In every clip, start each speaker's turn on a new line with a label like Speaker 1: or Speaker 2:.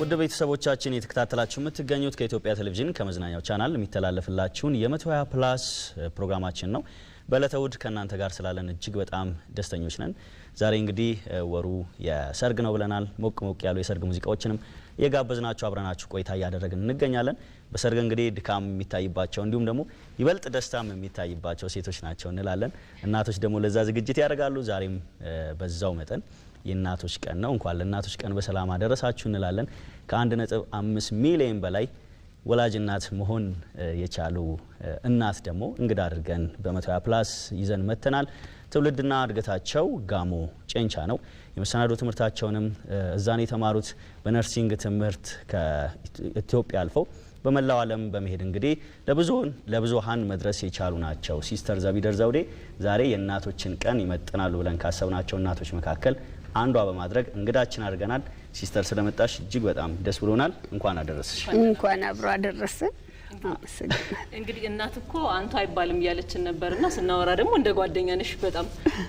Speaker 1: ውድ ቤተሰቦቻችን የተከታተላችሁ የምትገኙት ከኢትዮጵያ ቴሌቪዥን ከመዝናኛው ቻናል የሚተላለፍላችሁን የ120 ፕላስ ፕሮግራማችን ነው። በዕለተ እሁድ ከእናንተ ጋር ስላለን እጅግ በጣም ደስተኞች ነን። ዛሬ እንግዲህ ወሩ የሰርግ ነው ብለናል። ሞቅ ሞቅ ያሉ የሰርግ ሙዚቃዎችንም የጋበዝናችሁ አብረናችሁ ቆይታ እያደረግን እንገኛለን። በሰርግ እንግዲህ ድካም የሚታይባቸው እንዲሁም ደግሞ ይበልጥ ደስታም የሚታይባቸው ሴቶች ናቸው እንላለን። እናቶች ደግሞ ለዛ ዝግጅት ያደርጋሉ። ዛሬም በዛው መጠን የእናቶች ቀን ነው። እንኳን ለእናቶች ቀን በሰላም አደረሳችሁ እንላለን። ከአንድ ነጥብ አምስት ሚሊዮን በላይ ወላጅ እናት መሆን የቻሉ እናት ደግሞ እንግዳ አድርገን በመቶ ፕላስ ይዘን መጥተናል። ትውልድና እድገታቸው ጋሞ ጨንቻ ነው። የመሰናዶ ትምህርታቸውንም እዛን የተማሩት በነርሲንግ ትምህርት ከኢትዮጵያ አልፈው በመላው ዓለም በመሄድ እንግዲህ ለብዙን ለብዙሃን መድረስ የቻሉ ናቸው። ሲስተር ዘቢደር ዘውዴ ዛሬ የእናቶችን ቀን ይመጥናሉ ብለን ካሰብናቸው እናቶች መካከል አንዷ በማድረግ እንግዳችን አድርገናል። ሲስተር ስለመጣሽ እጅግ በጣም ደስ ብሎናል። እንኳን አደረስሽ።
Speaker 2: እንኳን አብሮ አደረስን።
Speaker 3: እንግዲህ እናት እኮ አንቱ አይባልም እያለችን ነበርና ስናወራ ደግሞ እንደ ጓደኛ ነሽ። በጣም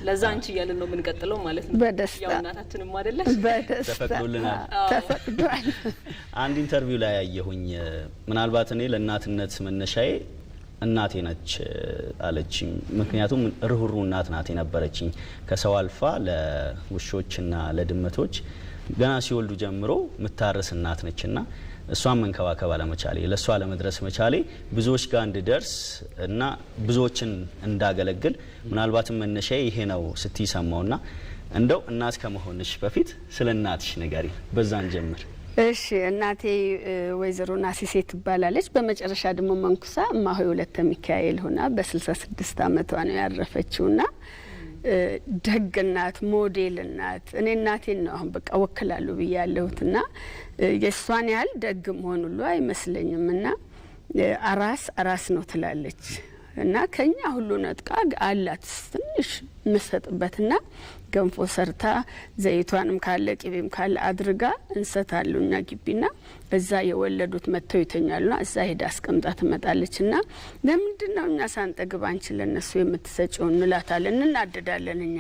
Speaker 3: ለዛ አንቺ እያለን ነው የምንቀጥለው ማለት
Speaker 2: ነው። በደስታ ያው
Speaker 3: እናታችንም አይደለሽ።
Speaker 1: በደስታ ተፈቅዶልናል፣ ተፈቅዷል። አንድ ኢንተርቪው ላይ ያየሁኝ ምናልባት እኔ ለእናትነት መነሻዬ እናቴ ነች አለችኝ። ምክንያቱም ርኅሩ እናት ናት የነበረችኝ። ከሰው አልፋ ለውሾችና ለድመቶች ገና ሲወልዱ ጀምሮ ምታረስ እናት ነችና እሷን መንከባከብ አለመቻሌ ለእሷ አለመድረስ መቻሌ ብዙዎች ጋር እንድደርስ እና ብዙዎችን እንዳገለግል ምናልባትም መነሻዬ ይሄ ነው ስትይ ሰማውና እንደው እናት ከመሆንሽ በፊት ስለ እናትሽ ንገሪ። በዛን ጀምር።
Speaker 2: እሺ እናቴ ወይዘሮ ናሲሴ ትባላለች። በመጨረሻ ደግሞ መንኩሳ እማሆይ ወለተ ሚካኤል ሆና በስልሳ ስድስት አመቷ ነው ያረፈችው ና ደግ እናት፣ ሞዴል እናት። እኔ እናቴን ነው አሁን በቃ ወክላሉ ብዬ ያለሁት ና የእሷን ያህል ደግ መሆን ሁሉ አይመስለኝም። ና አራስ አራስ ነው ትላለች እና ከኛ ሁሉ ነጥቃ አላት ትንሽ ምሰጥበትና ገንፎ ሰርታ ዘይቷንም ካለ ቅቤም ካለ አድርጋ እንሰት እኛ ግቢና እዛ የወለዱት መጥተው ይተኛሉና እዛ ሄዳ አስቀምጣ ትመጣለች። ና ለምንድን ነው እኛ ሳንጠግብ አንቺ ለነሱ የምትሰጪው እንላታለን፣ እናደዳለን። እኛ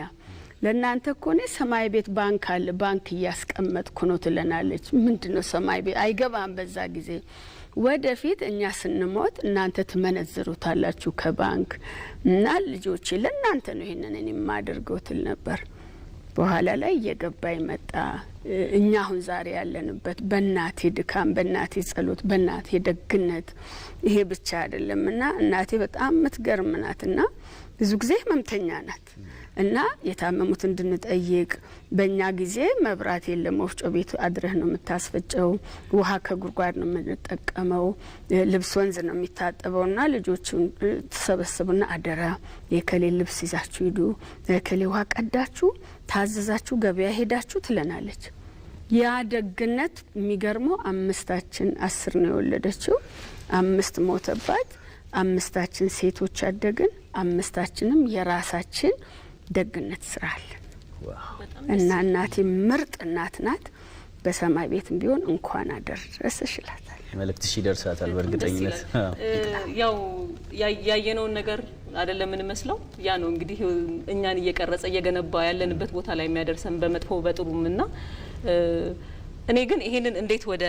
Speaker 2: ለእናንተ እኮ ሰማይ ቤት ባንክ አለ ባንክ እያስቀመጥኩ ነው ትለናለች። ምንድን ነው ሰማይ ቤት አይገባም በዛ ጊዜ ወደፊት እኛ ስንሞት እናንተ ትመነዝሩታላችሁ ከባንክ እና ልጆቼ ለእናንተ ነው ይህንን እኔ የማደርገው ትል ነበር። በኋላ ላይ እየገባ ይመጣ። እኛ አሁን ዛሬ ያለንበት በእናቴ ድካም፣ በእናቴ ጸሎት፣ በእናቴ ደግነት ይሄ ብቻ አይደለም እና እናቴ በጣም የምትገርም ናት እና ብዙ ጊዜ ህመምተኛ ናት። እና የታመሙት እንድንጠይቅ በእኛ ጊዜ መብራት የለም። ወፍጮ ቤቱ አድረህ ነው የምታስፈጨው። ውሃ ከጉድጓድ ነው የምንጠቀመው። ልብስ ወንዝ ነው የሚታጠበው። ና ልጆችን ትሰበስቡና አደራ የከሌ ልብስ ይዛችሁ ሂዱ፣ ከሌ ውሃ ቀዳችሁ፣ ታዘዛችሁ፣ ገበያ ሄዳችሁ ትለናለች። ያ ደግነት የሚገርመው አምስታችን አስር ነው የወለደችው፣ አምስት ሞተባት። አምስታችን ሴቶች አደግን፣ አምስታችንም የራሳችን ደግነት ስራ አለ እና እናቴ ምርጥ እናት ናት። በሰማይ ቤትም ቢሆን እንኳን አደረሰሽ እላታለሁ።
Speaker 1: መልእክትሽ ደርሳታል። በእርግጠኝነት።
Speaker 3: ያው ያየነውን ነገር አይደለም የምንመስለው። ያ ነው እንግዲህ እኛን እየቀረጸ እየገነባ ያለንበት ቦታ ላይ የሚያደርሰን በመጥፎ በጥሩም እና እኔ ግን ይሄንን እንዴት ወደ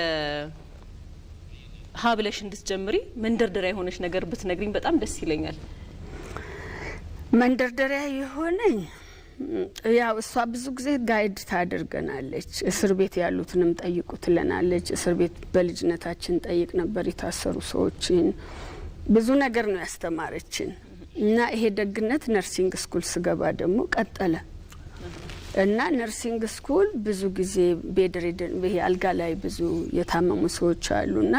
Speaker 3: ሀብለሽ ብለሽ እንድትጀምሪ መንደርደሪያ የሆነች ነገር ብትነግሪኝ በጣም ደስ ይለኛል።
Speaker 2: መንደርደሪያ የሆነኝ ያው እሷ ብዙ ጊዜ ጋይድ ታደርገናለች። እስር ቤት ያሉትንም ጠይቁ ትለናለች። እስር ቤት በልጅነታችን ጠይቅ ነበር የታሰሩ ሰዎችን። ብዙ ነገር ነው ያስተማረችን እና ይሄ ደግነት ነርሲንግ ስኩል ስገባ ደግሞ ቀጠለ እና ነርሲንግ ስኩል ብዙ ጊዜ ቤድሬድን ይሄ አልጋ ላይ ብዙ የታመሙ ሰዎች አሉና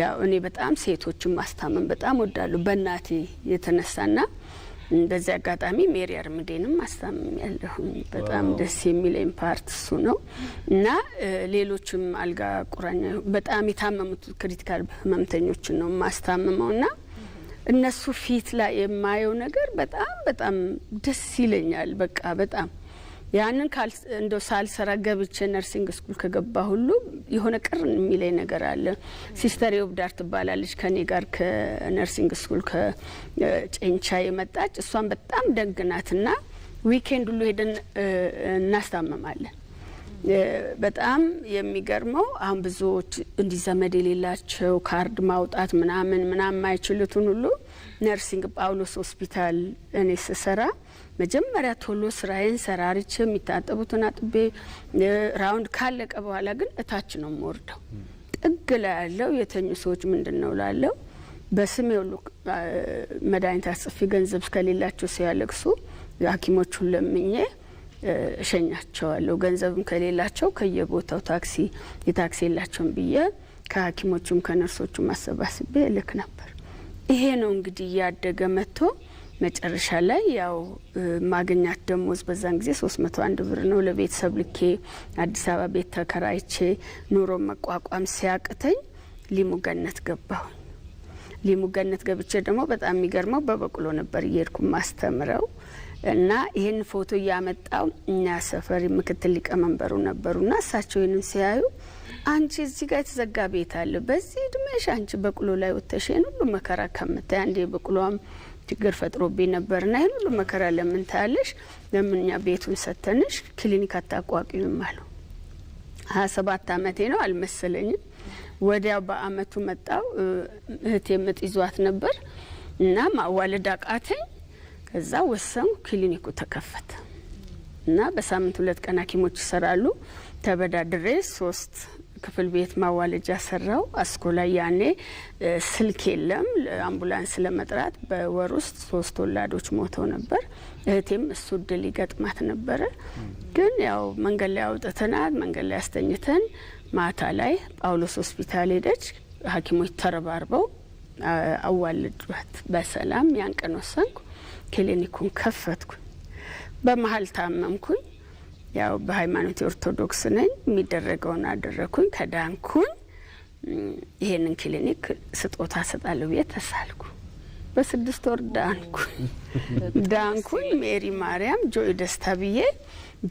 Speaker 2: ያው እኔ በጣም ሴቶችን ማስታመም በጣም ወዳሉ በእናቴ የተነሳና እንደዚህ አጋጣሚ ሜሪ አርምዴንም አስታምም ያለሁኝ በጣም ደስ የሚለኝ ፓርት እሱ ነው እና ሌሎችም አልጋ ቁራኛ በጣም የታመሙት ክሪቲካል ህመምተኞችን ነው ማስታምመው ና እነሱ ፊት ላይ የማየው ነገር በጣም በጣም ደስ ይለኛል። በቃ በጣም ያንን እንደ ሳልሰራ ገብቼ ነርሲንግ ስኩል ከገባ ሁሉ የሆነ ቅር የሚለኝ ነገር አለ። ሲስተር የውብዳር ትባላለች ከኔ ጋር ከነርሲንግ ስኩል ከጨንቻ የመጣች እሷን በጣም ና ዊኬንድ ሁሉ ሄደን እናስታምማለን። በጣም የሚገርመው አሁን ብዙዎች እንዲህ ዘመድ የሌላቸው ካርድ ማውጣት ምናምን ምናምን ማይችሉትን ሁሉ ነርሲንግ ጳውሎስ ሆስፒታል እኔ ስሰራ መጀመሪያ ቶሎ ስራዬን ሰራርቼ የሚታጠቡትን አጥቤ ራውንድ ካለቀ በኋላ ግን እታች ነው የምወርደው። ጥግ ላይ ያለው የተኙ ሰዎች ምንድን ነው ላለው በስም የሁሉ መድኃኒት አጽፊ ገንዘብ እስከሌላቸው ሲያለቅሱ ሐኪሞቹን ለምኜ እሸኛቸዋለሁ። ገንዘብም ከሌላቸው ከየቦታው ታክሲ የታክሲ የላቸውም ብዬ ከሐኪሞቹም ከነርሶቹም አሰባስቤ እልክ ነበር። ይሄ ነው እንግዲህ እያደገ መጥቶ መጨረሻ ላይ ያው ማግኛት ደሞዝ በዛን ጊዜ ሶስት መቶ አንድ ብር ነው። ለቤተሰብ ልኬ አዲስ አበባ ቤት ተከራይቼ ኑሮ መቋቋም ሲያቅተኝ ሊሙገነት ገባሁ። ሊሙገነት ገብቼ ደግሞ በጣም የሚገርመው በበቅሎ ነበር እየሄድኩ ማስተምረው እና ይህን ፎቶ እያመጣው እኛ ሰፈር ምክትል ሊቀመንበሩ ነበሩ ነበሩና እሳቸው ይህንን ሲያዩ አንቺ እዚህ ጋር የተዘጋ ቤት አለ በዚህ እድሜሽ አንቺ በቅሎ ላይ ወጥተሽ ሁሉ መከራ ከምታይ አንዴ በቅሎም ችግር ፈጥሮብኝ ነበር ና ይህን ሁሉ መከራ ለምን ታያለሽ? ለምን እኛ ቤቱን ሰተንሽ ክሊኒክ አታቋቂምም አለው። ሀያ ሰባት አመቴ ነው አልመሰለኝም። ወዲያ በአመቱ መጣው እህቴ ምጥ ይዟት ነበር እና ማዋለድ አቃተኝ። ከዛ ወሰንኩ። ክሊኒኩ ተከፈተ እና በሳምንት ሁለት ቀን ሐኪሞች ይሰራሉ። ተበዳድሬ ሶስት ክፍል ቤት ማዋለጃ ሰራው። አስኮ ላይ ያኔ ስልክ የለም፣ አምቡላንስ ለመጥራት በወር ውስጥ ሶስት ወላዶች ሞተው ነበር። እህቴም እሱ እድል ይገጥማት ነበረ። ግን ያው መንገድ ላይ አውጥተናት መንገድ ላይ አስተኝተን ማታ ላይ ጳውሎስ ሆስፒታል ሄደች። ሀኪሞች ተረባርበው አዋለዷት በሰላም። ያን ቀን ወሰንኩ፣ ክሊኒኩን ከፈትኩ። በመሀል ታመምኩኝ። ያው በሃይማኖት ኦርቶዶክስ ነኝ። የሚደረገውን አደረግኩኝ፣ ከዳንኩኝ ይሄንን ክሊኒክ ስጦታ ሰጣለሁ ብዬ ተሳልኩ። በስድስት ወር ዳንኩኝ ዳንኩኝ። ሜሪ ማርያም ጆይ ደስታ ብዬ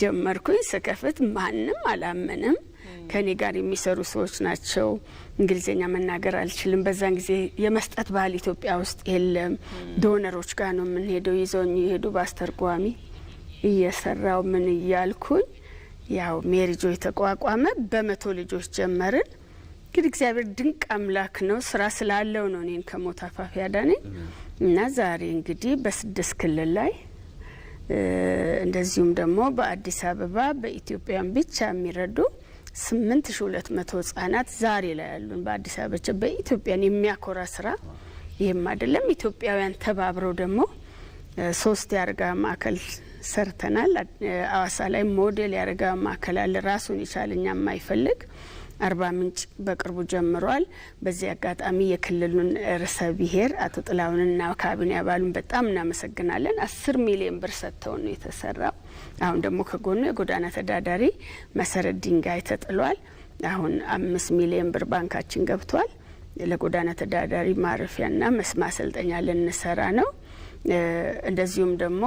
Speaker 2: ጀመርኩኝ። ስከፍት ማንም አላመንም። ከኔ ጋር የሚሰሩ ሰዎች ናቸው። እንግሊዝኛ መናገር አልችልም። በዛን ጊዜ የመስጠት ባህል ኢትዮጵያ ውስጥ የለም። ዶነሮች ጋር ነው የምንሄደው። ይዘውኝ የሄዱ በአስተርጓሚ እየሰራው ምን እያልኩኝ ያው ሜሪጆ የተቋቋመ በመቶ ልጆች ጀመርን። ግን እግዚአብሔር ድንቅ አምላክ ነው። ስራ ስላለው ነው እኔን ከሞት አፋፍ ያዳነኝ እና ዛሬ እንግዲህ በስድስት ክልል ላይ እንደዚሁም ደግሞ በአዲስ አበባ በኢትዮጵያን ብቻ የሚረዱ ስምንት ሺ ሁለት መቶ ህጻናት ዛሬ ላይ ያሉን በአዲስ አበባ በኢትዮጵያን የሚያኮራ ስራ ይህም አይደለም። ኢትዮጵያውያን ተባብረው ደግሞ ሶስት የአርጋ ማዕከል ሰርተናል። አዋሳ ላይ ሞዴል ያደረገ ማዕከል አለ ራሱን የቻለ እኛ የማይፈልግ አርባ ምንጭ በቅርቡ ጀምሯል። በዚህ አጋጣሚ የክልሉን ርዕሰ ብሔር አቶ ጥላሁንና ካቢኔ አባሉን በጣም እናመሰግናለን። አስር ሚሊዮን ብር ሰጥተው ነው የተሰራው። አሁን ደግሞ ከጎኑ የጎዳና ተዳዳሪ መሰረት ድንጋይ ተጥሏል። አሁን አምስት ሚሊዮን ብር ባንካችን ገብቷል። ለጎዳና ተዳዳሪ ማረፊያና ማሰልጠኛ ልንሰራ ነው። እንደዚሁም ደግሞ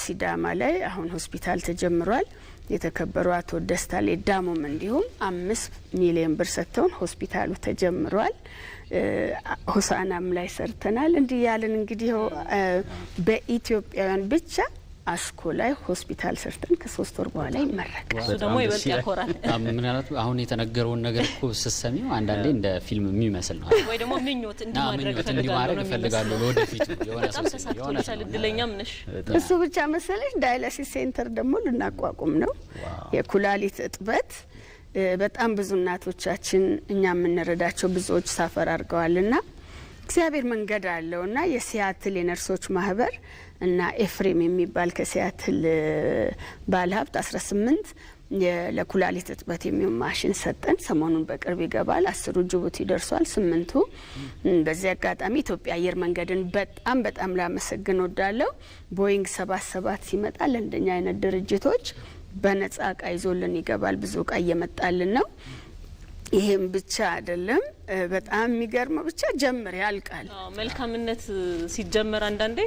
Speaker 2: ሲዳማ ላይ አሁን ሆስፒታል ተጀምሯል። የተከበሩ አቶ ደስታ ሌዳሞም እንዲሁም አምስት ሚሊዮን ብር ሰጥተውን ሆስፒታሉ ተጀምሯል። ሆሳናም ላይ ሰርተናል። እንዲህ ያለን እንግዲህ በኢትዮጵያውያን ብቻ አስኮ ላይ ሆስፒታል ሰርተን ከሶስት ወር በኋላ ይመረቃል።
Speaker 1: ምናልባት አሁን የተነገረውን ነገር እኮ ስሰሚው አንዳንዴ እንደ ፊልም የሚመስል ነው
Speaker 3: ወይ ደግሞ ምኞት እንዲማድረግ
Speaker 1: እፈልጋለሁ ለወደፊቱ
Speaker 2: እሱ ብቻ መሰለሽ። ዳያላሲስ ሴንተር ደግሞ ልናቋቁም ነው። የኩላሊት እጥበት በጣም ብዙ እናቶቻችን እኛ የምንረዳቸው ብዙዎች ሳፈር ና እግዚአብሔር መንገድ አለው ና የሲያትል የነርሶች ማህበር እና ኤፍሬም የሚባል ከሲያትል ባለሀብት 18 ለኩላሊት እጥበት የሚሆን ማሽን ሰጠን። ሰሞኑን በቅርብ ይገባል። አስሩ ጅቡቲ ደርሷል፣ ስምንቱ በዚህ አጋጣሚ ኢትዮጵያ አየር መንገድን በጣም በጣም ላመሰግን ወዳለው ቦይንግ ሰባት ሰባት ሲመጣ ለእንደኛ አይነት ድርጅቶች በነጻ እቃ ይዞልን ይገባል። ብዙ እቃ እየመጣልን ነው። ይሄም ብቻ አይደለም። በጣም የሚገርመው ብቻ ጀምር ያልቃል።
Speaker 3: መልካምነት ሲጀመር አንዳንዴ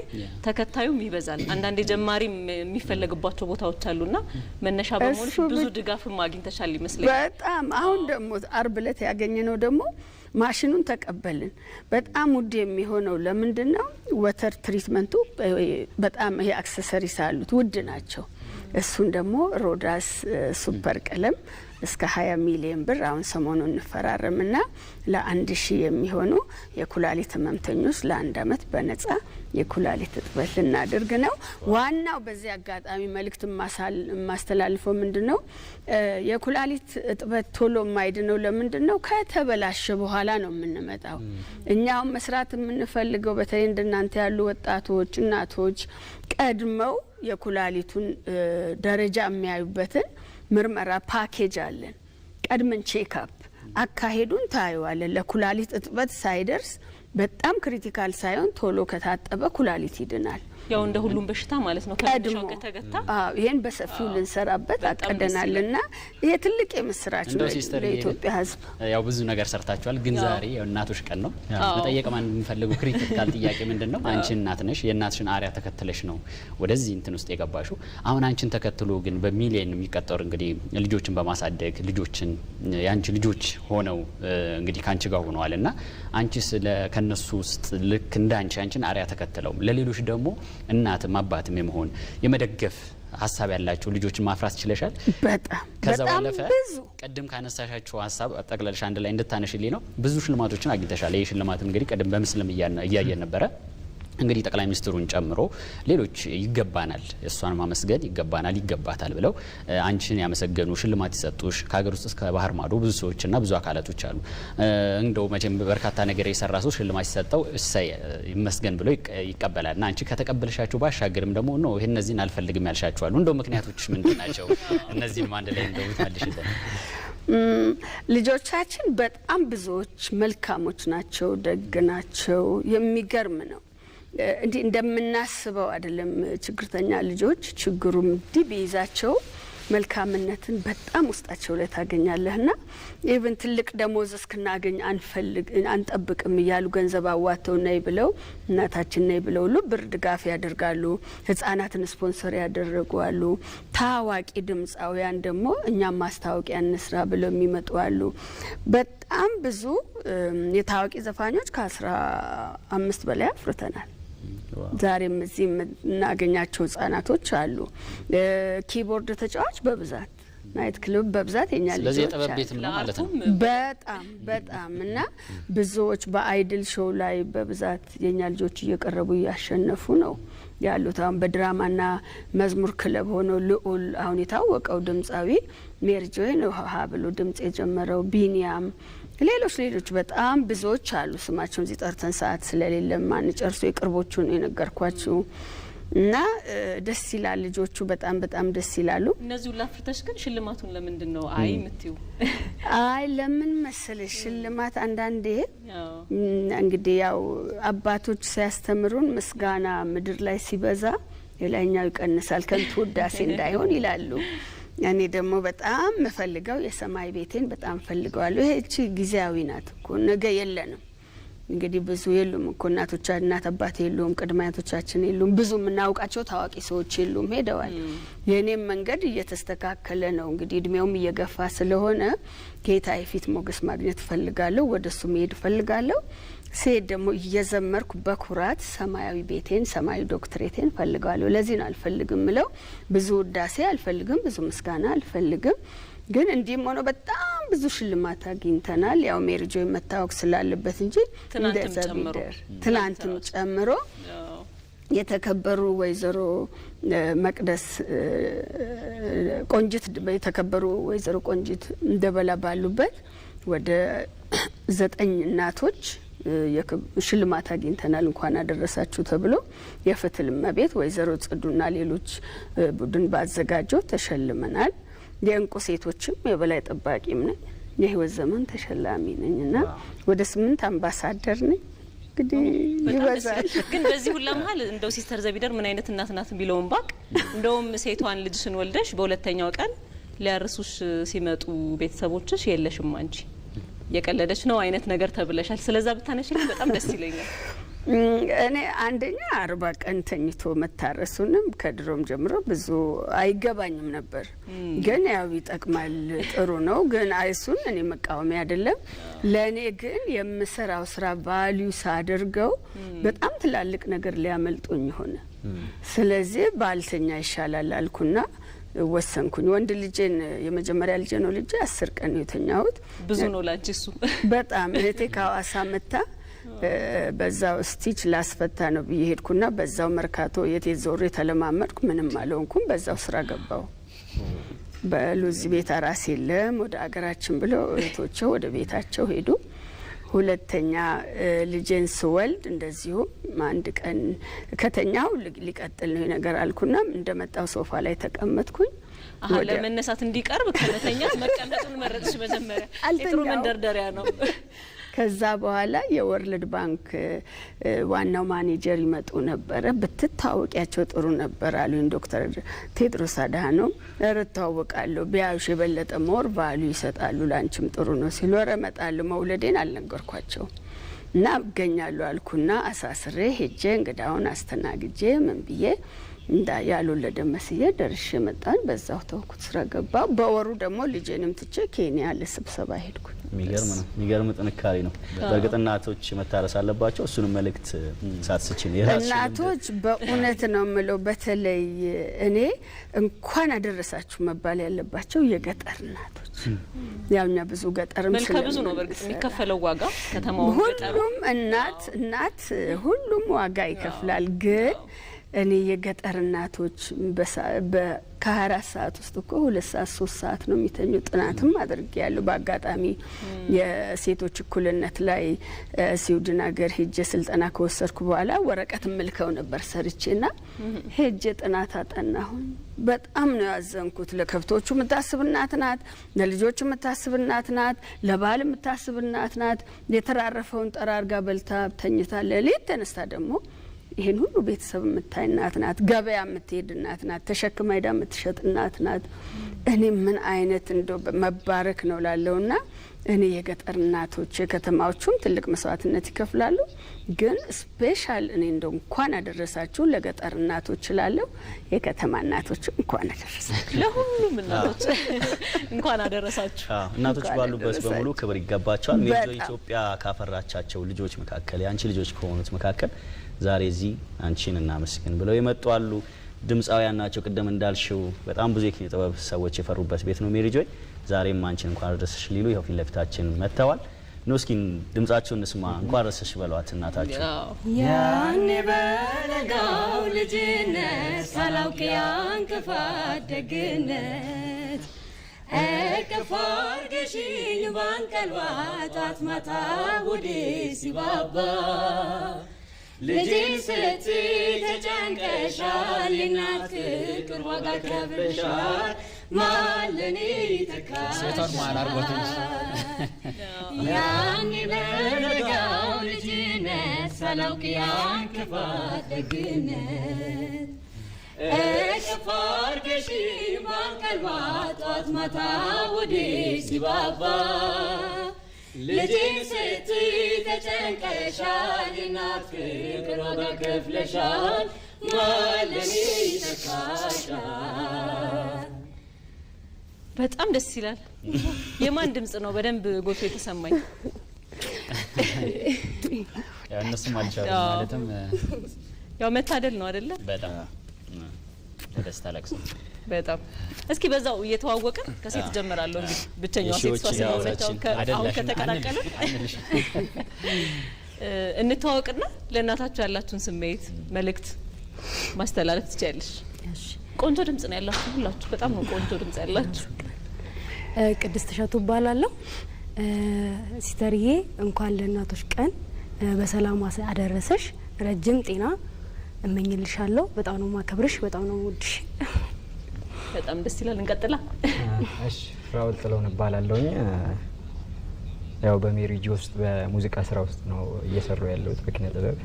Speaker 3: ተከታዩም ይበዛል፣ አንዳንዴ ጀማሪም የሚፈለግባቸው ቦታዎች አሉና መነሻ በመሆንሽ ብዙ ድጋፍም አግኝተሻል ይመስለኛል።
Speaker 2: በጣም አሁን ደግሞ አርብ እለት ያገኘ ነው ደግሞ ማሽኑን ተቀበልን። በጣም ውድ የሚሆነው ለምንድን ነው? ወተር ትሪትመንቱ በጣም ይሄ አክሰሰሪስ አሉት ውድ ናቸው። እሱን ደግሞ ሮዳስ ሱፐር ቀለም እስከ 20 ሚሊዮን ብር አሁን ሰሞኑ እንፈራረምና ለአንድ ሺህ የሚሆኑ የኩላሊት ህመምተኞች ለአንድ አመት በነጻ የኩላሊት እጥበት ልናደርግ ነው። ዋናው በዚህ አጋጣሚ መልእክት የማስተላልፈው ምንድን ነው፣ የኩላሊት እጥበት ቶሎ የማይድነው ለምንድን ነው? ከተበላሸ በኋላ ነው የምንመጣው። እኛውም መስራት የምንፈልገው በተለይ እንደናንተ ያሉ ወጣቶች፣ እናቶች ቀድመው የኩላሊቱን ደረጃ የሚያዩበትን ምርመራ ፓኬጅ አለን። ቀድመን ቼክአፕ አካሄዱን ታየዋለን። ለኩላሊት እጥበት ሳይደርስ በጣም ክሪቲካል ሳይሆን ቶሎ ከታጠበ ኩላሊት ይድናል።
Speaker 3: ያው እንደ ሁሉም በሽታ ማለት ነው ከድሞ ከተገታ
Speaker 2: ይሄን በሰፊው ልንሰራበት አቀደናልና ይሄ ትልቅ የምስራች
Speaker 1: ነው ለኢትዮጵያ ህዝብ ያው ብዙ ነገር ሰርታችኋል፣ ግን ዛሬ ያው እናቶች ቀን ነው። መጠየቅ የምንፈልጉ ክሪቲካል ጥያቄ ምንድን ነው? አንቺ እናት ነሽ፣ የእናትሽን አሪያ ተከትለሽ ነው ወደዚህ እንትን ውስጥ የገባሹ አሁን አንቺን ተከትሎ ግን በሚሊየን የሚቀጠሩ እንግዲህ ልጆችን በማሳደግ ልጆችን የአንቺ ልጆች ሆነው እንግዲህ ከአንቺ ጋር ሆነዋል አንቺ ስለ ከነሱ ውስጥ ልክ እንደ አንቺ አንቺን አሪያ ተከትለው ለሌሎች ደግሞ እናትም አባትም የመሆን የመደገፍ ሀሳብ ያላቸው ልጆችን ማፍራት ችለሻል።
Speaker 2: በጣም ከዛ ባለፈ
Speaker 1: ቅድም ካነሳሻቸው ሀሳብ ጠቅለልሽ አንድ ላይ እንድታነሽልኝ ነው። ብዙ ሽልማቶችን አግኝተሻል። ይህ ሽልማት እንግዲህ ቅድም በምስልም እያየን ነበረ እንግዲህ ጠቅላይ ሚኒስትሩን ጨምሮ ሌሎች ይገባናል፣ እሷን ማመስገን ይገባናል፣ ይገባታል ብለው አንቺን ያመሰገኑ ሽልማት የሰጡሽ ከሀገር ውስጥ እስከ ባህር ማዶ ብዙ ሰዎችና ብዙ አካላቶች አሉ። እንደው መቼም በርካታ ነገር የሰራ ሰው ሽልማት ሲሰጠው እሰይ ይመስገን ብሎ ይቀበላል እና አንቺ ከተቀበልሻቸው ባሻገርም ደግሞ ኖ ይህ እነዚህን አልፈልግም ያልሻቸዋሉ። እንደው ምክንያቶች ምንድን ናቸው? እነዚህን አንድ ላይ እንደው ታልሽልን
Speaker 2: ልጆቻችን በጣም ብዙዎች መልካሞች ናቸው፣ ደግ ናቸው። የሚገርም ነው። እንዲህ እንደምናስበው አይደለም። ችግርተኛ ልጆች ችግሩም እንዲህ ቢይዛቸው መልካምነትን በጣም ውስጣቸው ላይ ታገኛለህ ና ኢቭን ትልቅ ደሞዝ እስክናገኝ አንፈልግ አንጠብቅም እያሉ ገንዘብ አዋተው ነይ ብለው እናታችን ነይ ብለው ሁሉ ብር ድጋፍ ያደርጋሉ። ህጻናትን ስፖንሰር ያደረጉ አሉ። ታዋቂ ድምፃውያን ደግሞ እኛም ማስታወቂያ እንስራ ብለው የሚመጡ አሉ። በጣም ብዙ የታዋቂ ዘፋኞች ከአስራ አምስት በላይ አፍርተናል። ዛሬም እዚህ የምናገኛቸው ህጻናቶች አሉ። ኪቦርድ ተጫዋች በብዛት ናይት ክለብ በብዛት የኛ ልጆች በጣም በጣም እና ብዙዎች በአይድል ሾው ላይ በብዛት የኛ ልጆች እየቀረቡ እያሸነፉ ነው ያሉት። አሁን በድራማና መዝሙር ክለብ ሆኖ ልዑል አሁን የታወቀው ድምጻዊ ሜርጆይ ነው ሀ ብሎ ድምጽ የጀመረው ቢኒያም ሌሎች ሌሎች በጣም ብዙዎች አሉ። ስማቸውን እዚህ ጠርተን ሰዓት ስለሌለ ማንጨርሱ የቅርቦቹን የነገርኳችሁ እና ደስ ይላል። ልጆቹ በጣም በጣም ደስ ይላሉ።
Speaker 3: እነዚሁ ላፍርተሽ ግን ሽልማቱን ለምንድን ነው አይ የምትዩ?
Speaker 2: አይ ለምን መሰለሽ ሽልማት አንዳንዴ እንግዲህ ያው አባቶች ሲያስተምሩን ምስጋና ምድር ላይ ሲበዛ የላይኛው ይቀንሳል ከንቱ ውዳሴ እንዳይሆን ይላሉ። እኔ ደግሞ በጣም የምፈልገው የሰማይ ቤቴን በጣም ፈልገዋለሁ። እቺ ጊዜያዊ ናት እኮ ነገ የለንም። እንግዲህ ብዙ የሉም እኮ እናቶቻ እናት አባት የሉም፣ ቅድመ አያቶቻችን የሉም፣ ብዙ የምናውቃቸው ታዋቂ ሰዎች የሉም፣ ሄደዋል። የእኔም መንገድ እየተስተካከለ ነው። እንግዲህ እድሜውም እየገፋ ስለሆነ ጌታ ፊት ሞገስ ማግኘት እፈልጋለሁ። ወደ እሱ መሄድ እፈልጋለሁ። ሴት ደግሞ እየዘመርኩ በኩራት ሰማያዊ ቤቴን ሰማያዊ ዶክትሬቴን ፈልገዋለሁ። ለዚህ ነው አልፈልግም ምለው። ብዙ ውዳሴ አልፈልግም፣ ብዙ ምስጋና አልፈልግም። ግን እንዲህም ሆኖ በጣም ብዙ ሽልማት አግኝተናል። ያው ሜሪጆ መታወቅ ስላለበት እንጂ ትናንትም ጨምሮ የተከበሩ ወይዘሮ መቅደስ ቆንጅት የተከበሩ ወይዘሮ ቆንጅት እንደበላ ባሉበት ወደ ዘጠኝ እናቶች ሽልማት አግኝተናል እንኳን አደረሳችሁ ተብሎ የፍትህ እመቤት ወይዘሮ ጽዱና ሌሎች ቡድን ባዘጋጀው ተሸልመናል። የእንቁ ሴቶችም የበላይ ጠባቂም ነኝ፣ የህይወት ዘመን ተሸላሚ ነኝ እና ወደ ስምንት አምባሳደር ነኝ። እንግዲህ ይበዛል።
Speaker 3: ግን በዚህ ሁላ መሀል እንደው ሲስተር ዘቢደር ምን አይነት እናት ናት ቢለውን ባቅ እንደውም ሴቷን ልጅ ስንወልደሽ በሁለተኛው ቀን ሊያርሱሽ ሲመጡ ቤተሰቦችሽ የለሽም አንቺ የቀለደች ነው አይነት ነገር ተብለሻል። ስለዛ ብታነሽ በጣም ደስ ይለኛል።
Speaker 2: እኔ አንደኛ አርባ ቀን ተኝቶ መታረሱንም ከድሮም ጀምሮ ብዙ አይገባኝም ነበር፣ ግን ያው ይጠቅማል፣ ጥሩ ነው። ግን አይሱን እኔ መቃወሚ አይደለም። ለእኔ ግን የምሰራው ስራ ቫሊዩ ሳደርገው በጣም ትላልቅ ነገር ሊያመልጡኝ ሆነ። ስለዚህ ባልተኛ ይሻላል አልኩና ወሰንኩኝ። ወንድ ልጄን የመጀመሪያ ልጄ ነው ልጄ አስር ቀን ነው የተኛሁት።
Speaker 3: ብዙ ነው ላንቺ እሱ
Speaker 2: በጣም እህቴ ከሀዋሳ መታ በዛው ስቲች ላስፈታ ነው ብዬ ሄድኩና በዛው መርካቶ የቴ ዞሬ የተለማመድኩ ምንም አልሆንኩም። በዛው ስራ ገባው በሉዚ ቤት አራስ የለም ወደ አገራችን ብለው እህቶቸው ወደ ቤታቸው ሄዱ። ሁለተኛ ልጄን ስወልድ እንደዚሁም አንድ ቀን ከተኛው ሊቀጥል ነው ነገር አልኩና እንደመጣው ሶፋ ላይ ተቀመጥኩኝ።
Speaker 3: ለመነሳት እንዲቀርብ ከመተኛት መቀመጡን መረጥሽ። መጀመሪያ ጥሩ መንደርደሪያ ነው።
Speaker 2: ከዛ በኋላ የወርልድ ባንክ ዋናው ማኔጀር ይመጡ ነበረ። ብትታወቂያቸው ጥሩ ነበር አሉኝ ዶክተር ቴድሮስ አድሃኖም። ኧረ እታወቃለሁ ቢያዩሽ የበለጠ ሞር ቫሉ ይሰጣሉ፣ ላንቺም ጥሩ ነው ሲሉ ኧረ እመጣለሁ መውለዴን አልነገርኳቸው እና እገኛለሁ አልኩና አሳስሬ ሄጄ እንግዳውን አስተናግጄ ምን ብዬ እንዳ ያልወለደ መስዬ ደርሼ መጣን። በዛው ተውኩት፣ ስራ ገባ። በወሩ ደግሞ ልጄንም ትቼ ኬንያ ለስብሰባ ሄድኩ።
Speaker 1: የሚገርም ነው። የሚገርም ጥንካሬ ነው። በእርግጥ እናቶች መታረስ አለባቸው። እሱንም መልእክት ሳትስች
Speaker 2: እናቶች በእውነት ነው የምለው። በተለይ እኔ እንኳን አደረሳችሁ መባል ያለባቸው የገጠር እናቶች ያውኛ ብዙ ገጠር
Speaker 3: ገጠርም ብዙ ነው። በእርግጥ የሚከፈለው ዋጋ ከተማው
Speaker 2: ሁሉም እናት እናት ሁሉም ዋጋ ይከፍላል ግን እኔ የገጠር እናቶች ከ24 ሰዓት ውስጥ እኮ ሁለት ሰዓት ሶስት ሰዓት ነው የሚተኙ። ጥናትም አድርጌ ያለሁ በአጋጣሚ የሴቶች እኩልነት ላይ ስዊድን ሀገር ሄጀ ስልጠና ከወሰድኩ በኋላ ወረቀት ምልከው ነበር ሰርቼ ና ሄጀ ጥናት አጠናሁን። በጣም ነው ያዘንኩት። ለከብቶቹ የምታስብ እናት ናት፣ ለልጆቹ የምታስብ እናት ናት፣ ለባል የምታስብ እናት ናት። የተራረፈውን ጠራርጋ በልታ ተኝታ፣ ሌሊት ተነስታ ደግሞ ይሄን ሁሉ ቤተሰብ የምታይ እናት ናት። ገበያ የምትሄድ እናት ናት። ተሸክማ ሄዳ የምትሸጥ እናት ናት። እኔ ምን አይነት እንደ መባረክ ነው ና እኔ የገጠር እናቶች የከተማዎቹም ትልቅ መስዋዕትነት ይከፍላሉ። ግን ስፔሻል እኔ እንደ እንኳን አደረሳችሁ ለገጠር እናቶች እላለሁ። የከተማ እናቶች እንኳን አደረሳችሁ፣
Speaker 3: ለሁሉም እናቶች እንኳን አደረሳችሁ።
Speaker 1: እናቶች ባሉበት በሙሉ ክብር ይገባቸዋል። ሜጆ ኢትዮጵያ ካፈራቻቸው ልጆች መካከል የአንቺ ልጆች ከሆኑት መካከል ዛሬ እዚህ አንቺን እናመስግን ብለው የመጡ አሉ። ድምፃውያን ናቸው። ቅድም እንዳልሽው በጣም ብዙ የኪነ ጥበብ ሰዎች የፈሩበት ቤት ነው ሜሪ ጆይ። ዛሬም አንቺን እንኳን አደረሰሽ ሊሉ ይኸው ፊት ለፊታችን መጥተዋል። ነው እስኪ ድምጻቸውን እንስማ። እንኳን አደረሰሽ በሏት እናታቸው።
Speaker 2: ያኔ በለጋው ልጅነት ሳላውቅ ያን ክፋት ደግነት እቅፍ አድርገሽኝ ባንቀልባ ጧት ማታ ውዴ ሲባባ ልጅን ስትይ ተጨንቀሻል፣ የእናት ፍቅር ዋጋ ከፍለሻል። ማለኔ ተካሴቷን ማል አርጎት ያን በለጋው ልጅነት ሳላውቅ ያን ክፋት ደግነት እቅፍ ባንቀልባ ጧት ማታ ወዲህ ሲባባ ልጅን ተጨንቀሻል፣ እናት ፍቅር ዋጋ ከፍለሻል፣ ይተካሻል።
Speaker 3: በጣም ደስ ይላል። የማን ድምጽ ነው በደንብ ጎቶ የተሰማኝ?
Speaker 1: ያው እነሱም ማለትም
Speaker 3: ያው መታደል ነው አይደለም
Speaker 1: በጣም በደስታ ለቅሶ
Speaker 3: በጣም እስኪ በዛው እየተዋወቅን ከሴት ጀምራለሁ። እንግዲህ ብቸኛዋ ሴት ሷ ስለሆነቻው አሁን ከተቀላቀሉ እንተዋወቅና ለእናታችሁ ያላችሁን ስሜት መልእክት ማስተላለፍ ትችያለሽ። ቆንጆ ድምጽ ነው ያላችሁ ሁላችሁ፣ በጣም ነው ቆንጆ ድምጽ ያላችሁ።
Speaker 2: ቅድስት እሸቱ እባላለሁ። ሲስተርዬ እንኳን ለእናቶች ቀን በሰላም አደረሰሽ። ረጅም ጤና እመኝልሻለሁ። በጣም ነው ማከብርሽ፣ በጣም ነው ውድሽ።
Speaker 3: በጣም ደስ ይላል። እንቀጥላ።
Speaker 1: እሺ፣ ፍራውል ጥለውን እባላለሁኝ። ያው በሜሪጅ ውስጥ በሙዚቃ ስራ ውስጥ ነው እየሰሩ ያለሁት በኪነ ጥበብ።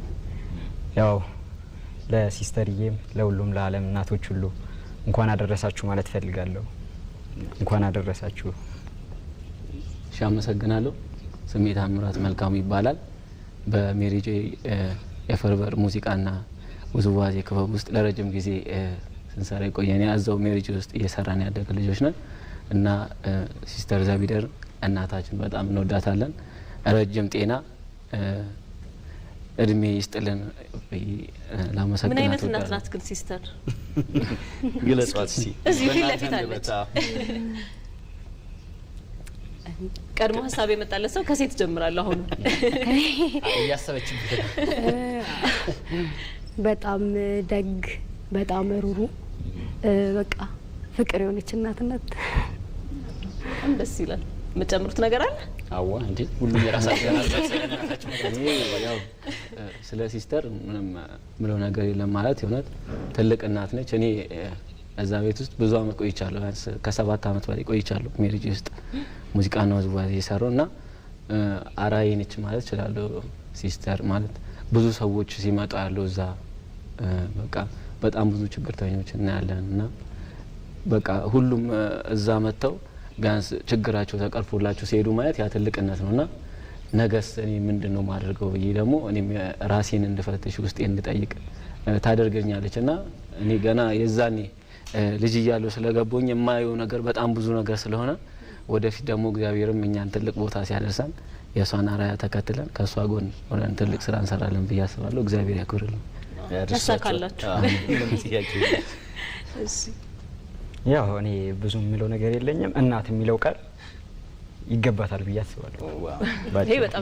Speaker 1: ያው ለሲስተርዬም ለሁሉም ለዓለም እናቶች ሁሉ እንኳን አደረሳችሁ ማለት እፈልጋለሁ። እንኳን አደረሳችሁ። እሺ፣ አመሰግናለሁ። ስሜት አምራት መልካሙ ይባላል። በሜሪጄ የፈርበር ሙዚቃና ውዝዋዜ ክበብ ውስጥ ለረጅም ጊዜ ስንሰራ የቆየን እዛው ሜሪጅ ውስጥ እየሰራን ያደገ ልጆች ነን እና ሲስተር ዘቢደር እናታችን በጣም እንወዳታለን። ረጅም ጤና እድሜ ይስጥልን። ላመሰግናት ምን
Speaker 3: አይነት እናት ናት ግን ሲስተር ግለጿት እስቲ። እዚህ ፊት ለፊት አለች። ቀድሞ ሀሳብ የመጣለ ሰው ከሴት ጀምራለሁ። አሁኑ
Speaker 1: እያሰበችበት
Speaker 2: በጣም ደግ፣ በጣም ሩሩ በቃ ፍቅር የሆነች እናትነት
Speaker 3: በጣም ደስ ይላል። የምትጨምሩት ነገር አለ?
Speaker 1: አዎ እንዴ ሁሉም የራሳቸው ያው ስለ ሲስተር ምንም ምለው ነገር የለም ማለት የሆነት ትልቅ እናት ነች። እኔ እዛ ቤት ውስጥ ብዙ አመት ቆይቻለሁ። ከሰባት አመት በላይ ቆይቻለሁ። ሜሪጅ ውስጥ ሙዚቃና ውዝዋዜ የሰሩ እና አራዬ ነች ማለት እችላለሁ ሲስተር ማለት ብዙ ሰዎች ሲመጣ ያለው እዛ በቃ በጣም ብዙ ችግርተኞች እናያለን እና በቃ ሁሉም እዛ መጥተው ቢያንስ ችግራቸው ተቀርፎላቸው ሲሄዱ ማየት ያ ትልቅነት ነው እና ነገስ እኔ ምንድን ነው ማድርገው ብዬ ደግሞ እኔም ራሴን እንድፈትሽ ውስጤ እንድጠይቅ ታደርገኛለች እና እኔ ገና የዛኔ ልጅ እያለሁ ስለገቦኝ የማየው ነገር በጣም ብዙ ነገር ስለሆነ ወደፊት ደግሞ እግዚአብሔርም እኛን ትልቅ ቦታ ሲያደርሰን የእሷን አራያ ተከትለን ከእሷ ጎን ሆነን ትልቅ ስራ እንሰራለን ብዬ አስባለሁ። እግዚአብሔር ያክብርልን። ያው እኔ ብዙ የሚለው ነገር የለኝም። እናት የሚለው ቃል ይገባታል ብዬ አስባለሁ።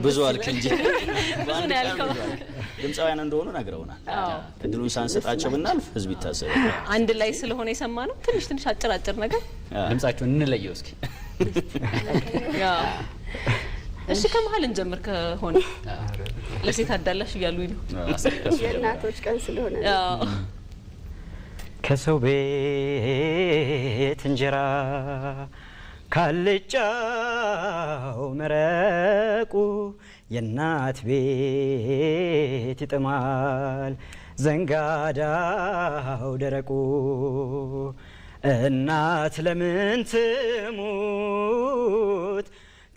Speaker 1: ብዙ አልክ እንጂ ብዙ ነው ያልከው። ድምፃውያን እንደሆኑ ነግረውናል። እድሉን ሳንሰጣቸው ብናልፍ ህዝብ ይታሰብ
Speaker 3: አንድ ላይ ስለሆነ የሰማ ነው። ትንሽ ትንሽ አጭር አጭር ነገር
Speaker 1: ድምጻቸውን እንለየው እስኪ
Speaker 3: እሺ ከመሀል እንጀምር ከሆነ ለሴት አዳላሽ እያሉኝ ነው።
Speaker 2: የእናቶች ቀን ስለሆነ
Speaker 1: ከሰው ቤት እንጀራ ካልጫው መረቁ የእናት ቤት ይጥማል ዘንጋዳው ደረቁ እናት ለምን ትሙት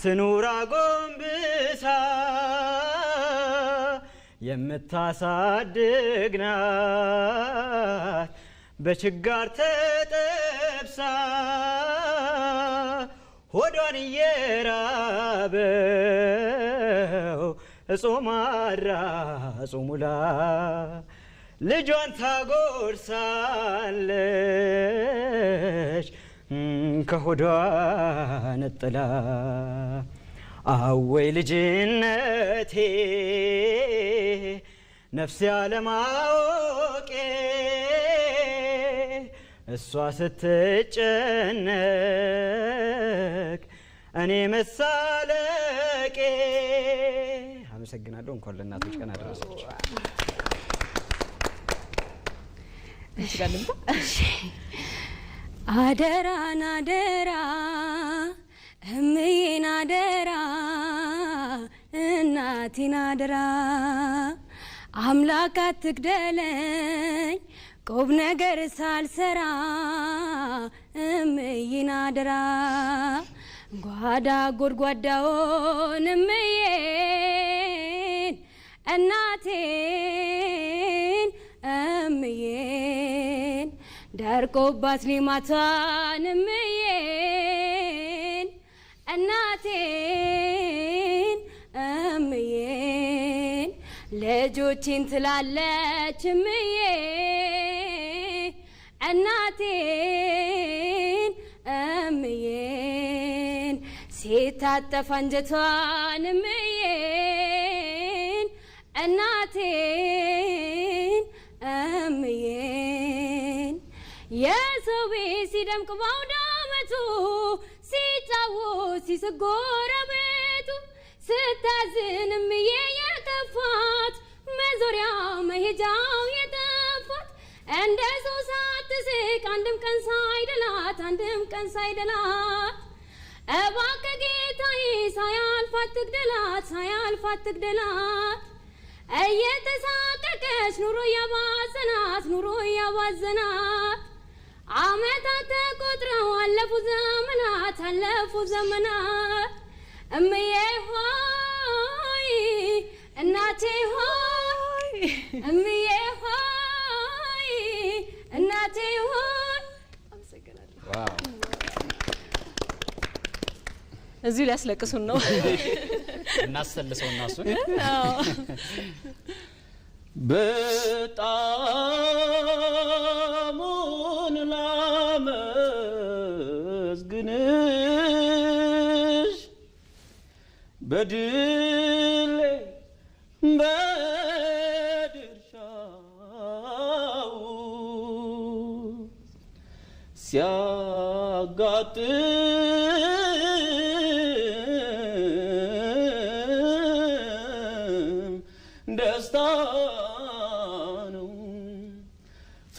Speaker 1: ትኑራ ጎንብሳ የምታሳድግ ናት በችጋር ተጠብሳ ሆዷን እየራበው እጾም አድራ ጾሙላ ልጇን ታጎርሳለች ከሆዷ ነጥላ። አወይ ልጅነቴ ነፍሴ ያለማወቄ እሷ ስትጨነቅ እኔ መሳለቄ። አመሰግናለሁ። እንኳን ለእናቶች ቀን አደረሳችሁ።
Speaker 3: እንችላለን።
Speaker 2: አደራን አደራ እምዬን አደራ እናቴን አደራ አምላክ አትግደለኝ ነገር ሳልሰራ እምዬን አደራ ጓዳ ጎድጓዳውን እምዬን እናቴ ደርቆባት ኔማታን እምዬን እናቴን እምዬን ልጆቼን ትላለች እምዬ እናቴን እምዬን ሲታጠፋ አንጀቷን እምዬን እናቴን ቤት ሲደምቅ ባውደ ዓመቱ ሲጫወት ሲስቅ ስታዝን እምዬ የከፋት መዞሪያው መሄጃው የጠፋት እንደ ሰው ሳትስቅ አንድም ቀን ሳይደላት አንድም ቀን ሳይደላት እባክህ ጌታዬ ሳያልፍ አትግደላት ሳያልፍ አትግደላት እየተሳቀቀች ኑሮ ያባዘናት ኑሮ ያባዘናት አመታት ተቆጥረው አለፉ ዘመናት አለፉ ዘመናት እምዬ ሆይ እናቴ ሆይ እምዬ ሆይ እናቴ ሆይ አመሰግናለሁ።
Speaker 3: እዚሁ ሊያስለቅሱን ነው።
Speaker 1: እናሰልሰው እናሱን በጣም በድሌ በድርሻው ሲያጋጥም ደስታ ነው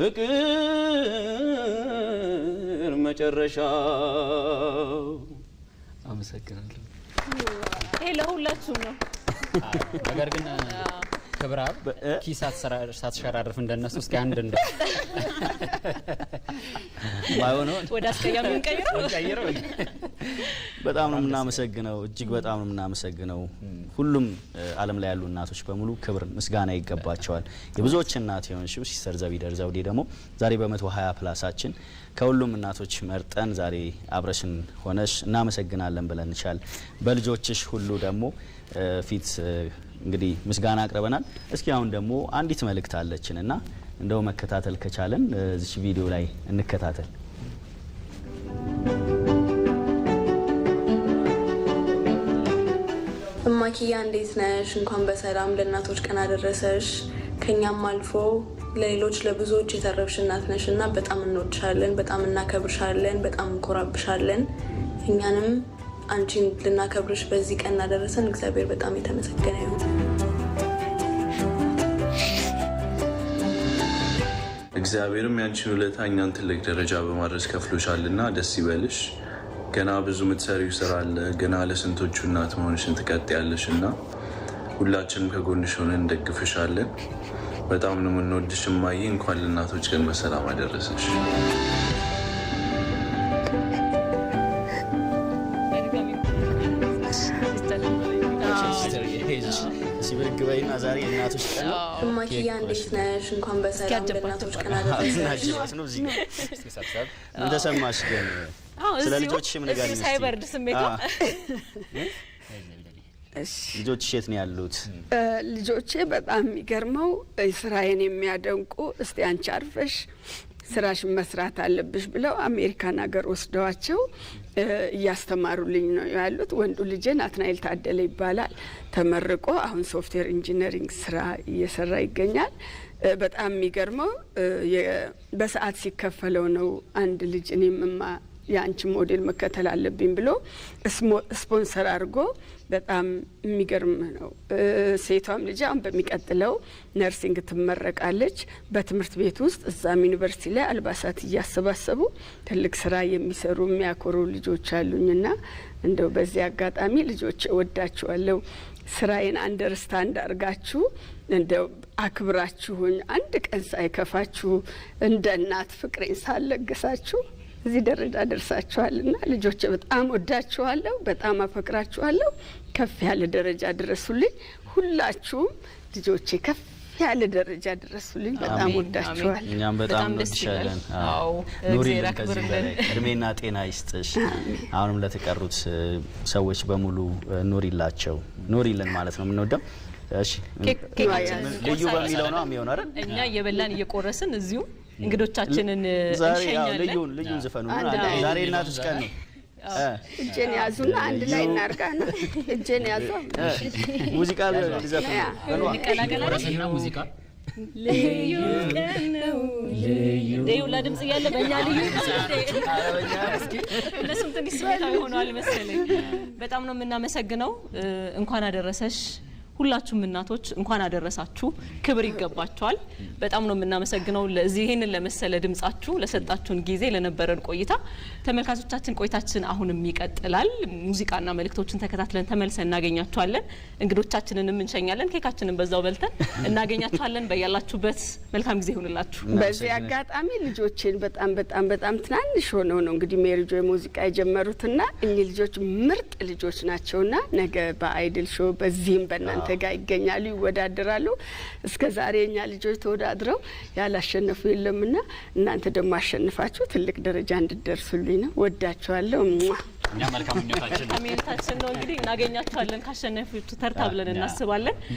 Speaker 1: ፍቅር መጨረሻው
Speaker 3: ለሁላችሁም ነው።
Speaker 1: ነገር ግን ክብራብ ኪስ ሳትሸራርፍ እንደነሱ እስኪ አንድ እንደ
Speaker 3: ባይሆነውን ወደ አስቀያሚ እንቀይረው።
Speaker 1: በጣም ነው የምናመሰግነው፣ እጅግ በጣም ነው የምናመሰግነው። ሁሉም ዓለም ላይ ያሉ እናቶች በሙሉ ክብር ምስጋና ይገባቸዋል። የብዙዎች እናት የሆንሽው ሲስተር ዘቢደር ዘውዴ ደግሞ ዛሬ በመቶ ሀያ ፕላሳችን ከሁሉም እናቶች መርጠን ዛሬ አብረሽን ሆነሽ እናመሰግናለን ብለን ይቻል በልጆችሽ ሁሉ ደግሞ ፊት እንግዲህ ምስጋና አቅርበናል። እስኪ አሁን ደግሞ አንዲት መልእክት አለችን እና እንደው መከታተል ከቻለን እዚች ቪዲዮ ላይ እንከታተል።
Speaker 2: ማኪያ እንዴት ነሽ? እንኳን በሰላም ለእናቶች ቀን አደረሰሽ። ከኛም አልፎ ለሌሎች ለብዙዎች የተረፍሽ እናት ነሽ እና በጣም እንወድሻለን፣ በጣም እናከብርሻለን፣ በጣም እንኮራብሻለን። እኛንም አንቺን ልናከብርሽ በዚህ ቀን እናደረሰን እግዚአብሔር በጣም የተመሰገነ ይሁን።
Speaker 1: እግዚአብሔርም ያንቺን ውለታ እኛን ትልቅ ደረጃ በማድረስ ከፍሎሻልና ደስ ይበልሽ። ገና ብዙ የምትሰሪው ስራ አለ። ገና ለስንቶቹ እናት መሆንሽን ትቀጥያለሽ እና ሁላችንም ከጎንሽ ሆነን እንደግፍሻለን። በጣም ነው የምንወድሽ እማዬ። እንኳን ለእናቶች ቀን በሰላም አደረሰሽ። ሲበግበይና ዛሬ የእናቶች ቀን ነው። ግን? ስለ ልጆችሽ ምን
Speaker 3: ጋር ሳይበርድ
Speaker 1: የት ነው ያሉት?
Speaker 2: ልጆቼ በጣም የሚገርመው ስራዬን የሚያደንቁ እስቲ አንቺ አርፈሽ ስራሽ መስራት አለብሽ ብለው አሜሪካን ሀገር ወስደዋቸው እያስተማሩልኝ ነው ያሉት። ወንዱ ልጄ ናትናኤል ታደለ ይባላል። ተመርቆ አሁን ሶፍትዌር ኢንጂነሪንግ ስራ እየሰራ ይገኛል። በጣም የሚገርመው በሰዓት ሲከፈለው ነው አንድ ልጅ እኔ የአንቺ ሞዴል መከተል አለብኝ ብሎ ስፖንሰር አድርጎ በጣም የሚገርም ነው። ሴቷም ልጅ አሁን በሚቀጥለው ነርሲንግ ትመረቃለች። በትምህርት ቤት ውስጥ እዛም ዩኒቨርሲቲ ላይ አልባሳት እያሰባሰቡ ትልቅ ስራ የሚሰሩ የሚያኮሩ ልጆች አሉኝና እንደው በዚህ አጋጣሚ ልጆች እወዳችኋለሁ። ስራዬን አንደርስታንድ አድርጋችሁ እንደው አክብራችሁኝ አንድ ቀን ሳይከፋችሁ እንደ እናት ፍቅሬን ሳለግሳችሁ እዚህ ደረጃ ደርሳችኋልና ልጆች በጣም ወዳችኋለሁ፣ በጣም አፈቅራችኋለሁ። ከፍ ያለ ደረጃ ድረሱልኝ። ሁላችሁም ልጆቼ ከፍ ያለ ደረጃ ድረሱልኝ። በጣም ወዳችኋል።
Speaker 1: እኛም በጣም እንወድሻለን። ኑሪ፣ ከዚህ በላይ እድሜና ጤና ይስጥሽ። አሁንም ለተቀሩት ሰዎች በሙሉ ኑሪላቸው፣ ኑሪልን ማለት ነው የምንወደው። እሺ ልዩ በሚለው ነው የሚሆነው አይደል?
Speaker 3: እኛ እየበላን እየቆረስን እዚሁም እንግዶቻችንን
Speaker 1: ልዩን ልዩን ዝፈኑ። ዛሬ እናትሽ ቀን ነው።
Speaker 2: እጄን ያዙና አንድ ላይ እናርጋ ነው። እጄን ያዙ
Speaker 1: ሙዚቃ ዘፈኑ ሙዚቃ
Speaker 2: ልዩ ቀን ነው።
Speaker 3: ለድምጽ እያለ በእኛ ልዩ እነሱም ትንሽ ስሜታዊ ሆኗል መሰለኝ። በጣም ነው የምናመሰግነው። እንኳን አደረሰሽ። ሁላችሁም እናቶች እንኳን አደረሳችሁ። ክብር ይገባችኋል። በጣም ነው የምናመሰግነው ለዚህ ይህንን ለመሰለ ድምጻችሁ ለሰጣችሁን ጊዜ ለነበረን ቆይታ። ተመልካቾቻችን ቆይታችን አሁንም ይቀጥላል። ሙዚቃና መልእክቶችን ተከታትለን ተመልሰን እናገኛችኋለን። እንግዶቻችንንም እንሸኛለን። ኬካችንን በዛው በልተን እናገኛችኋለን። በያላችሁበት መልካም ጊዜ ይሁንላችሁ።
Speaker 2: በዚህ አጋጣሚ ልጆችን በጣም በጣም በጣም ትናንሽ ሆነው ነው እንግዲህ ሜሪጆ ሙዚቃ የጀመሩትና እኚህ ልጆች ምርጥ ልጆች ናቸውና ነገ በአይድል ሾ በዚህም በእናንተ ከአንተ ጋር ይገኛሉ፣ ይወዳደራሉ። እስከ ዛሬ የኛ ልጆች ተወዳድረው ያላሸነፉ የለምና እናንተ ደግሞ አሸንፋችሁ ትልቅ ደረጃ እንድደርሱልኝ ነው። ወዳችኋለሁ። እኛ መልካም ምኞታችን ነው እንግዲህ እናገኛችኋለን። ካሸነፊቱ ተርታ ብለን እናስባለን።